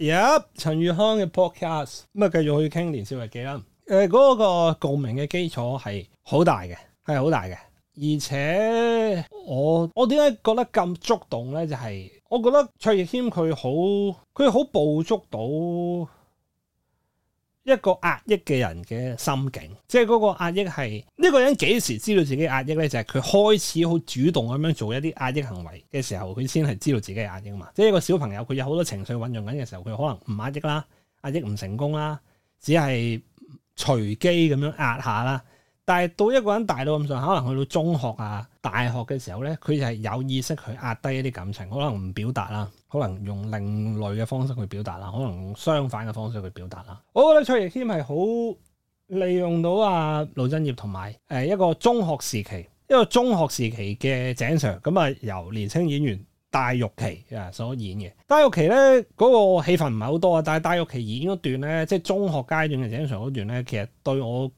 入陳宇康嘅 podcast，咁啊繼續去傾年少日記啦。誒、呃，嗰、那個共鳴嘅基礎係好大嘅，係好大嘅。而且我我點解覺得咁觸動咧？就係、是、我覺得卓亦謙佢好，佢好捕捉到。一個壓抑嘅人嘅心境，即係嗰個壓抑，係呢個人幾時知道自己壓抑咧？就係佢開始好主動咁樣做一啲壓抑行為嘅時候，佢先係知道自己嘅壓抑嘛。即係一個小朋友，佢有好多情緒運用緊嘅時候，佢可能唔壓抑啦，壓抑唔成功啦，只係隨機咁樣壓下啦。但係到一個人大到咁上，可能去到中學啊、大學嘅時候咧，佢就係有意識去壓低一啲感情，可能唔表達啦，可能用另類嘅方式去表達啦，可能相反嘅方式去表達啦。我覺得卓亦謙係好利用到啊盧鎮業同埋誒一個中學時期，一個中學時期嘅鄭 Sir 咁啊，由年輕演員戴玉琪啊所演嘅。戴玉琪咧嗰個戲份唔係好多啊，但係戴玉琪演嗰段咧，即係中學階段嘅鄭 Sir 嗰段咧，其實對我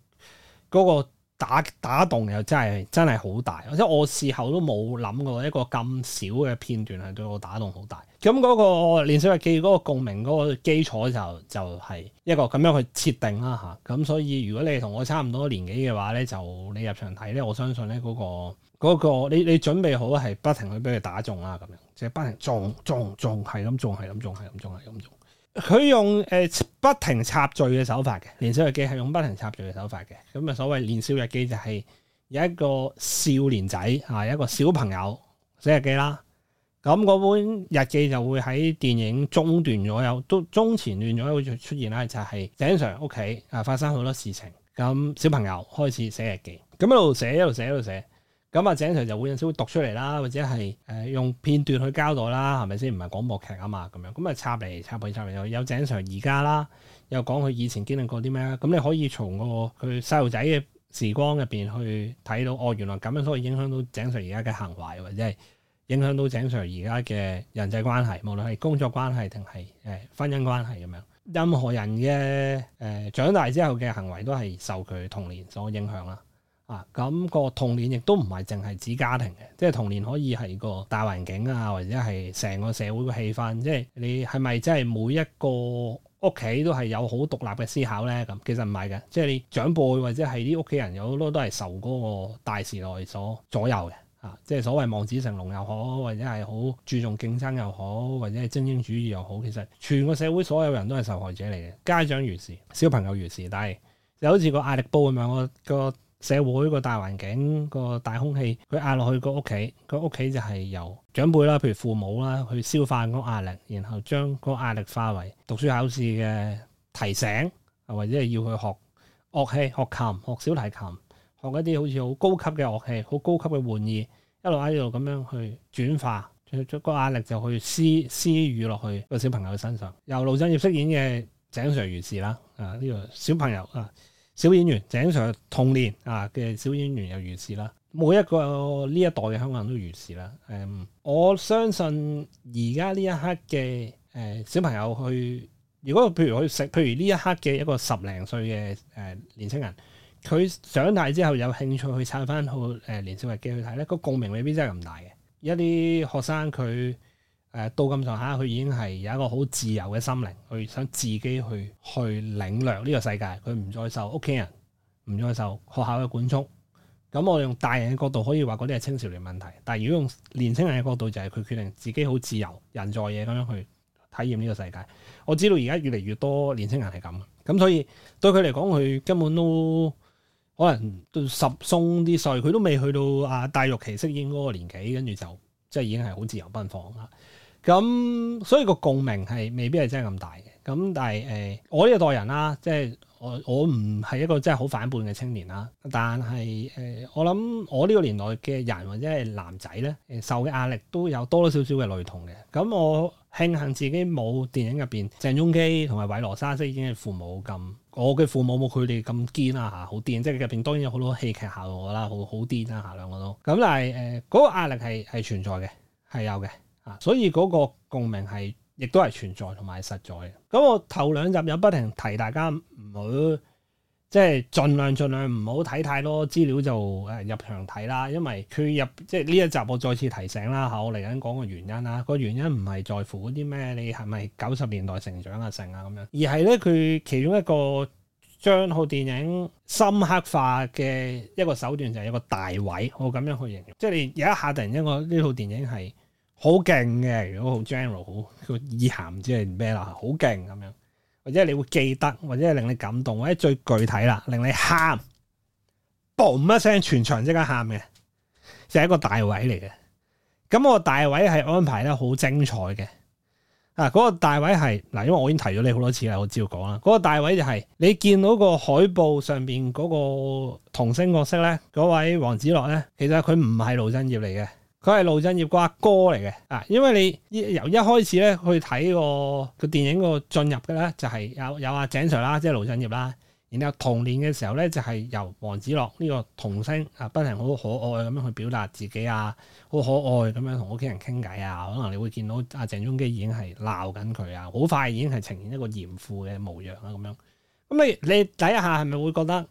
嗰個打打動又真係真係好大，即係我事後都冇諗過一個咁少嘅片段係對我打動好大。咁嗰個年少日記嗰個共鳴嗰個基礎就就係一個咁樣去設定啦嚇。咁所以如果你同我差唔多年紀嘅話咧，就你入場睇咧，我相信咧，嗰個嗰個你你準備好係不停去俾佢打中啦咁樣，即係不停中、中、中，係咁中、係咁中、係咁中。係咁撞。佢用誒不停插敘嘅手法嘅《年少日記》係用不停插敘嘅手法嘅，咁啊所謂《年少日記》就係有一個少年仔啊，有一個小朋友寫日記啦。咁嗰本日記就會喺電影中段左右、都中前段左右出現啦，就係經常屋企啊發生好多事情，咁小朋友開始寫日記，咁一路寫一路寫一路寫。邊邊咁啊，井 Sir 就會有少會讀出嚟啦，或者係誒用片段去交代啦，係咪先？唔係廣播劇啊嘛，咁樣，咁啊，插嚟插去，插嚟有井 Sir 而家啦，又講佢以前經歷過啲咩啦？咁你可以從個佢細路仔嘅時光入邊去睇到，哦，原來咁樣，所以影響到井 Sir 而家嘅行為，或者係影響到井 Sir 而家嘅人際關係，無論係工作關係定係誒婚姻關係咁樣。任何人嘅誒長大之後嘅行為都係受佢童年所影響啦。啊，咁個童年亦都唔係淨係指家庭嘅，即係童年可以係個大環境啊，或者係成個社會嘅氣氛，即係你係咪真係每一個屋企都係有好獨立嘅思考咧？咁其實唔係嘅，即係你長輩或者係啲屋企人有好多都係受嗰個大時代所左右嘅，啊，即係所謂望子成龍又好，或者係好注重競爭又好，或者係精英主義又好，其實全個社會所有人都係受害者嚟嘅，家長如是，小朋友如是，但係就好似個壓力煲咁樣，個個社會個大環境個大空氣，佢壓落去個屋企，個屋企就係由長輩啦，譬如父母啦，去消化嗰個壓力，然後將嗰個壓力化為讀書考試嘅提醒，或者係要去學樂器、學琴、學小提琴、學一啲好似好高級嘅樂器、好高級嘅玩意，一路喺度路咁樣去轉化，將個壓力就去施施予落去小、啊這個小朋友嘅身上。由盧振業飾演嘅井上如是啦，啊呢個小朋友啊。小演員鄭 Sir 童年啊嘅小演員又如是啦，每一個呢一代嘅香港人都如是啦。誒、嗯，我相信而家呢一刻嘅誒、呃、小朋友去，如果譬如去食，譬如呢一刻嘅一個十零歲嘅誒、呃、年青人，佢長大之後有興趣去睇翻套誒年少日記嘅去睇咧，個共鳴未必真係咁大嘅。一啲學生佢，誒到咁上下，佢已經係有一個好自由嘅心靈，佢想自己去去領略呢個世界，佢唔再受屋企人，唔再受學校嘅管束。咁我用大人嘅角度可以話嗰啲係青少年問題，但係如果用年青人嘅角度，就係、是、佢決定自己好自由，人在嘢咁樣去體驗呢個世界。我知道而家越嚟越多年青人係咁，咁所以對佢嚟講，佢根本都可能到十鬆啲歲，佢都未去到啊戴玉琪適應嗰個年紀，跟住就即係已經係好自由奔放啦。咁、嗯、所以個共鳴係未必係真係咁大嘅，咁但係誒、呃，我呢一代人啦，即係我我唔係一個真係好反叛嘅青年啦，但係誒、呃，我諗我呢個年代嘅人或者係男仔咧，受嘅壓力都有多多少少嘅類同嘅。咁、嗯、我慶幸自己冇電影入邊鄭中基同埋韋羅莎、啊，即已經係父母咁，我嘅父母冇佢哋咁堅啊嚇，好癲！即係入邊當然有好多戲劇效果啦，好好癲啦，兩個、啊、都。咁但係誒，嗰、呃那個壓力係係存在嘅，係有嘅。所以嗰個共鳴係，亦都係存在同埋實在嘅。咁我頭兩集有不停提大家唔好，即係盡量盡量唔好睇太多資料就誒入場睇啦。因為佢入即係呢一集，我再次提醒啦嚇，我嚟緊講個原因啦。個原因唔係在乎嗰啲咩，你係咪九十年代成長啊成啊咁樣，而係咧佢其中一個將套電影深刻化嘅一個手段就係一個大位，我咁樣去形容。即係你有一下突然間，呢套電影係。好勁嘅，如果好 general，好個意涵唔知係咩啦，好勁咁樣，或者你會記得，或者係令你感動，或者最具體啦，令你喊，boom 一聲，全場即刻喊嘅，就係、是、一個大位嚟嘅。咁我個大位係安排得好精彩嘅，啊，嗰個大位係嗱，因為我已經提咗你好多次啦，我照要講啦，嗰、那個大位就係你見到個海報上邊嗰個童星角色咧，嗰位黃子樂咧，其實佢唔係盧鎮業嚟嘅。佢係盧振業個阿哥嚟嘅，啊，因為你由一開始咧去睇個個電影個進入嘅咧，Sir，就係有有阿井 Sir 啦，即係盧振業啦。然後童年嘅時候咧，就係由黃子樂呢個童星啊，不停好可愛咁樣去表達自己啊，好可愛咁樣同屋企人傾偈啊。可能你會見到阿鄭中基已經係鬧緊佢啊，好快已經係呈現一個嚴父嘅模樣啊。咁樣。咁你你睇一下係咪會覺得？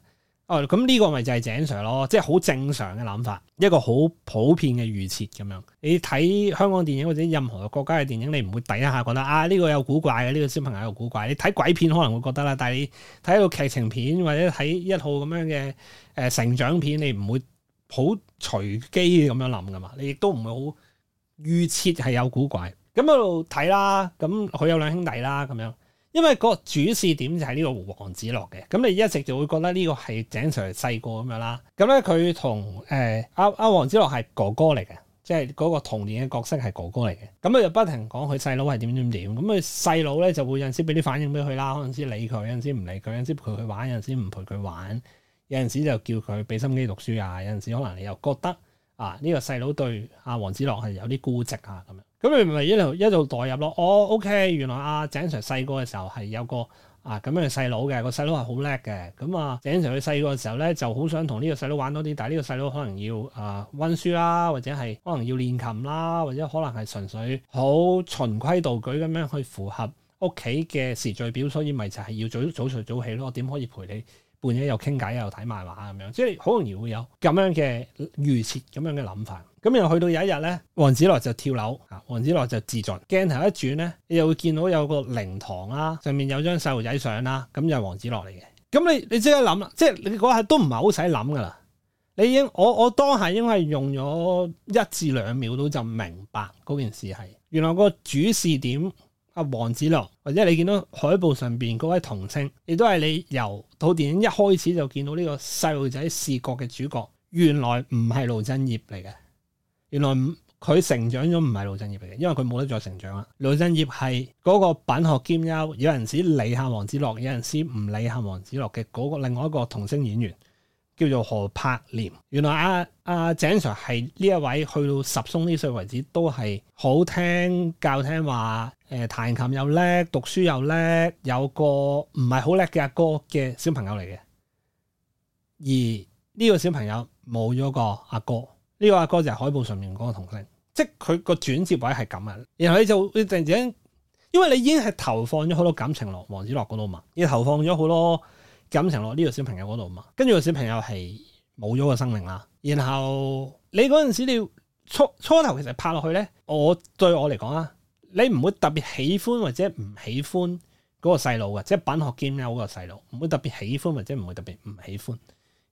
哦，咁呢個咪就係正常咯，即係好正常嘅諗法，一個好普遍嘅預設咁樣。你睇香港電影或者任何國家嘅電影，你唔會第一下覺得啊呢、這個有古怪嘅，呢、這個小朋友有古怪。你睇鬼片可能會覺得啦，但係你睇一個劇情片或者睇一套咁樣嘅誒、呃、成長片，你唔會好隨機咁樣諗噶嘛，你亦都唔會好預設係有古怪。咁嗰度睇啦，咁佢有兩兄弟啦，咁樣。因為個主視點就係呢個黃子樂嘅，咁你一直就會覺得呢個係井 Sir 細個咁樣啦。咁咧佢同誒阿阿黃子樂係哥哥嚟嘅，即係嗰個童年嘅角色係哥哥嚟嘅。咁佢就不停講佢細佬係點點點，咁佢細佬咧就會有陣時俾啲反應俾佢啦，有陣時理佢，有陣時唔理佢，有陣時陪佢玩，有陣時唔陪佢玩，有陣時就叫佢俾心機讀書啊，有陣時可能你又覺得啊呢、這個細佬對阿黃子樂係有啲孤寂啊咁樣。咁你咪一路一路代入咯，哦，OK，原來阿井 Sir 細個嘅時候係有個啊咁樣嘅細佬嘅，個細佬係好叻嘅。咁啊，井 Sir 佢細個嘅時候咧、啊嗯啊，就好想同呢個細佬玩多啲，但係呢個細佬可能要啊温、呃、書啦，或者係可能要練琴啦，或者可能係純粹好循規蹈矩咁樣去符合屋企嘅時序表，所以咪就係要早早睡早起咯。點可以陪你半夜又傾偈又睇漫畫咁、啊、樣,樣？即係好容易會有咁樣嘅預設咁樣嘅諗法。咁又去到有一日咧，黃梓樂就跳樓，啊，黃梓樂就自盡。鏡頭一轉咧，你又會見到有個靈堂啦，上面有張細路仔相啦，咁就係黃梓樂嚟嘅。咁你你即刻諗啦，即係你嗰下都唔係好使諗噶啦。你已經我我當下應該係用咗一至兩秒到就明白嗰件事係，原來個主視點阿黃梓樂，或者你見到海報上邊嗰位童星，亦都係你由套電影一開始就見到呢個細路仔視角嘅主角，原來唔係盧鎮業嚟嘅。原來佢成長咗唔係盧振業嚟嘅，因為佢冇得再成長啦。盧振業係嗰個品學兼優，有陣時理下黃子樂，有陣時唔理下黃子樂嘅嗰個另外一個童星演員叫做何柏廉。原來阿阿鄭 Sir 係呢一位去到十鬆呢歲為止都係好聽教聽話，誒、呃、彈琴又叻，讀書又叻，有個唔係好叻嘅阿哥嘅小朋友嚟嘅。而呢個小朋友冇咗個阿哥，哥。呢個阿哥，哥就係海報上面嗰個童星，即係佢個轉接位係咁啊。然後你就你突然之間，因為你已經係投放咗好多感情落黃子樂嗰度嘛，要投放咗好多感情落呢、這個小朋友嗰度嘛。跟住個小朋友係冇咗個生命啦。然後你嗰陣時你初初，初頭其實拍落去咧，我對我嚟講啊，你唔會特別喜歡或者唔喜歡嗰個細路嘅，即係品學兼優個細路，唔會特別喜歡或者唔會特別唔喜歡。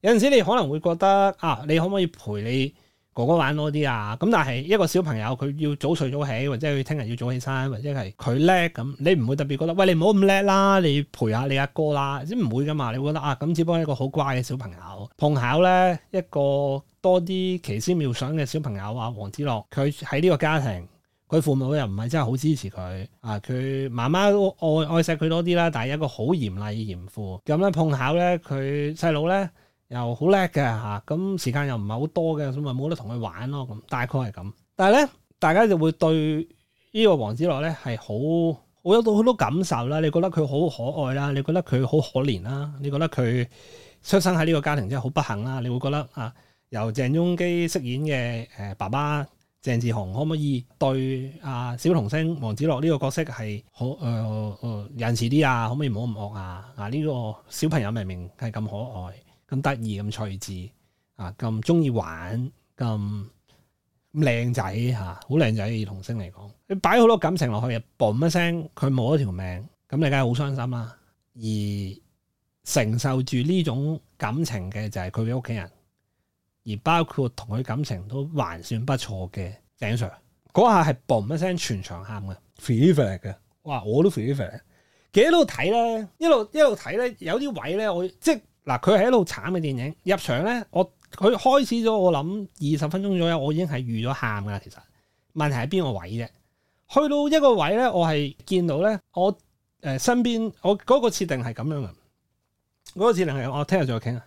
有陣時你可能會覺得啊，你可唔可以陪你？哥哥玩多啲啊！咁但係一個小朋友佢要早睡早起，或者佢聽日要早起身，或者係佢叻咁，你唔會特別覺得，喂，你唔好咁叻啦，你陪下你阿哥啦，即唔會㗎嘛，你會覺得啊，咁只不過一個好乖嘅小朋友，碰巧咧一個多啲奇思妙想嘅小朋友啊，黃子樂佢喺呢個家庭，佢父母又唔係真係好支持佢啊，佢媽媽都愛愛錫佢多啲啦，但係一個好嚴厲嚴父，咁咧碰巧咧佢細佬咧。又好叻嘅嚇，咁、啊、時間又唔係好多嘅，咁咪冇得同佢玩咯。咁大概係咁。但係咧，大家就會對呢個王子樂咧係好好有到好多感受啦。你覺得佢好可愛啦，你覺得佢好可憐啦，你覺得佢出生喺呢個家庭真係好不幸啦。你會覺得啊，由鄭中基飾演嘅誒爸爸鄭志雄可唔可以對啊小童星王子樂呢個角色係好誒誒仁慈啲啊？可唔可以唔好咁惡啊？嗱，呢個小朋友明明係咁可愛。咁得意咁趣致啊！咁中意玩，咁靚仔吓，好靚仔。兒童星嚟講，你擺好多感情落去嘅，嘣一聲佢冇咗條命，咁你梗係好傷心啦。而承受住呢種感情嘅就係佢嘅屋企人，而包括同佢感情都還算不錯嘅鄭 Sir，嗰下係嘣一聲全場喊嘅 feel 嘅，哇！我都 feel，企喺度睇咧，一路一路睇咧，有啲位咧，我即嗱，佢係一路慘嘅電影，入場咧，我佢開始咗，我諗二十分鐘左右，我已經係預咗喊噶啦。其實問題喺邊個位啫？去到一個位咧，我係見到咧，我誒、呃、身邊我嗰、那個設定係咁樣嘅，嗰、那個設定係我聽日再傾啊。